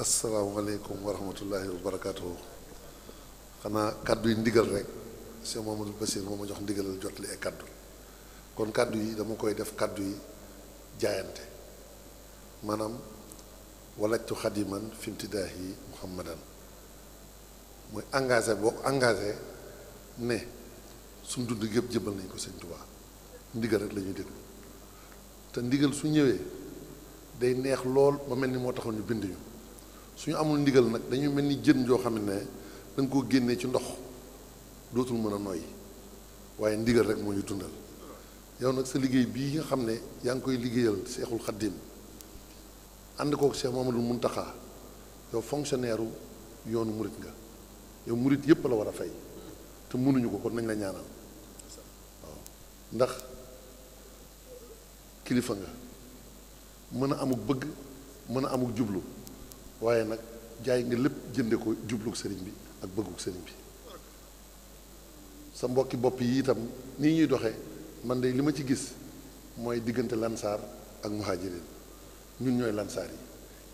asalaamaaleykum wa rahmatullahi wa barakaatu. xanaa kàddu yi ndigal rek sëñ Mamadou Bassir moo ma jox ndigalal jot li ay kàddu kon kàddu yi dama koy def kàddu yi jaayante maanaam walajtu man fi imtidaahi muhammadan mooy engage boo engagé ne suñ dund yëpp jëbal nañ ko sëñ Tuubaa ndigal rek lañuy ñuy te ndigal su ñëwee day neex lool ba mel ni moo taxoon ñu bind ñu suñu amul ndigal nag dañu mel ni jën joo xam ne da nga koo génnee ci ndox dootul mën a noyyi waaye ndigal rek moo ñu dundal yow nag sa liggéey bii nga xam ne yaa ngi koy liggéeyal seexul xaddim ànd kook Cheikh Mamadou Muntaxa yow fonctionnaire u yoonu murit nga yow murit yépp la war a fay te mënuñu ko kon nañ la ñaanal ndax kilifa nga mën a amuk bëgg mën a amuk jublu waaye nag jaay nga lépp jënde ko jublug sëriñ bi ak bëggug sëriñ bi sa mbokki bopp yi itam nii ñuy doxe man de li ma ci gis mooy diggante lansaar ak muhajirin ñun ñooy lansaar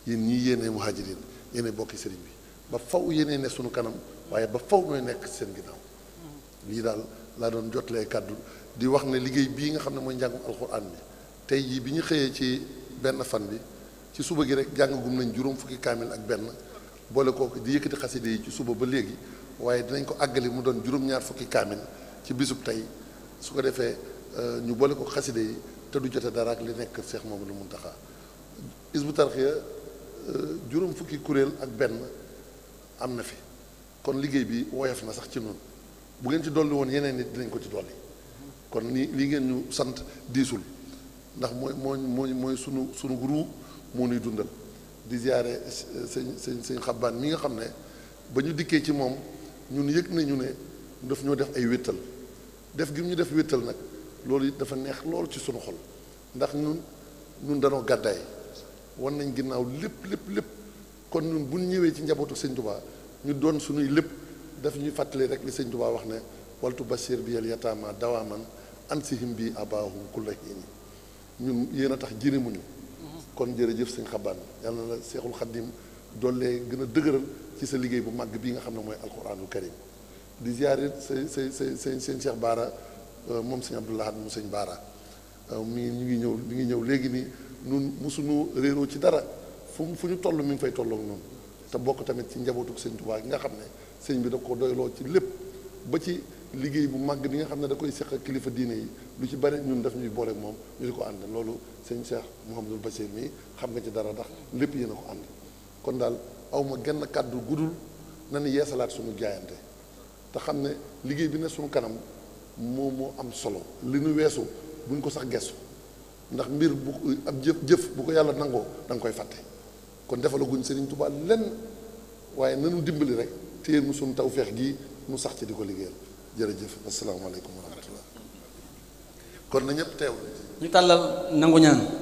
yi yéen ñii yéenee muhajirin yéene bokki sëriñ bi ba faw yéenee ne sunu kanam waaye ba faw nooy nekk seen ginnaaw lii daal laa doon jotlee kàddu di wax ne liggéey bii nga xam ne mooy njàngum alxuraan bi tey jii bi ñu xëyee ci benn fan bi ci suba gi rek jàngagum nañ juróom fukki kaamil ak benn boole kooku di yëkkati xaside yi ci suba ba léegi waaye dinañ ko àggali mu doon juróom-ñaar fukki kaamil ci bisub tey su ko defee euh, ñu boole ko xaside yi te du jote dara ak li nekk Cheikh Mamadou Mountakha Hizbut Tarqiyyah euh, juróom fukki kuréel ak benn am na fi kon liggéey bi woyof na sax ci noonu bu ngeen ci dolli woon yeneen nit dinañ ko ci dolli kon ni li ngeen ñu sant diisul ndax mooy mooy mooy mooy sunu moo nuy dundal di ziare sëñ sëñ sëñ xabbaan mi nga xam ne ba ñu dikkee ci moom ñun yëg nañu ne daf ñoo def ay wéttal def gi ñu def wéttal nag loolu it dafa neex loolu ci sunu xol ndax ñun ñun danoo gàddaay wan nañ ginnaaw lépp lépp lépp kon ñun bu ñu ñëwee ci njabootu sëñ Tuubaa ñu doon suñuy lépp daf ñuy fàttali rek li sëñ Tuubaa wax ne waltu basir bi yal yataama dawaaman ansihim bi abahum kullahin ñun yéen a tax jërimuñu kon jërëjëf sëñ xabaan yàlla na la seexul xaddim doollee gën a dëgëral ci sa liggéey bu màgg bii nga xam ne mooy alquranul karim di ziare sa sa sa seen seen Cheikh Baara euh, moom sëñ Abdoulahat mu sëñ Baara euh, mi ñu ngi ñëw mi ngi ñëw léegi nii nun mosuñu réeroo ci dara fu fu ñu toll mu ngi fay tollook noonu te bokk tamit ci njabootu sëñ Tuubaa yi nga xam ne sëñ bi da ko doyloo ci lépp ba ci liggéey bu màgg bi nga xam ne da koy seq kilifa diine yi lu ci bare ñun daf ñuy boole moom ñu di ko ànd loolu sëñ Cheikh Mouhamadul Bachir mii xam nga ci dara ndax lépp yéen a ko ànd kon daal awma genn kàddu gudul nañu yeesalaat suñu jaayante te xam ne liggéey bi ne suñu kanam moom moo am solo li nu weesu buñ ko sax gesu ndax mbir bu ab jëf jëf bu ko yàlla nangoo da koy fàtte kon defalaguñ Serigne Touba lenn waaye nanu dimbali rek téye mu suñu tawféex gii mu sax ci di ko liggéeyal jërëjëf asalaamaaleykum wa rahmatullah kon na ñëpp teew ñu tàllal nangu ñaan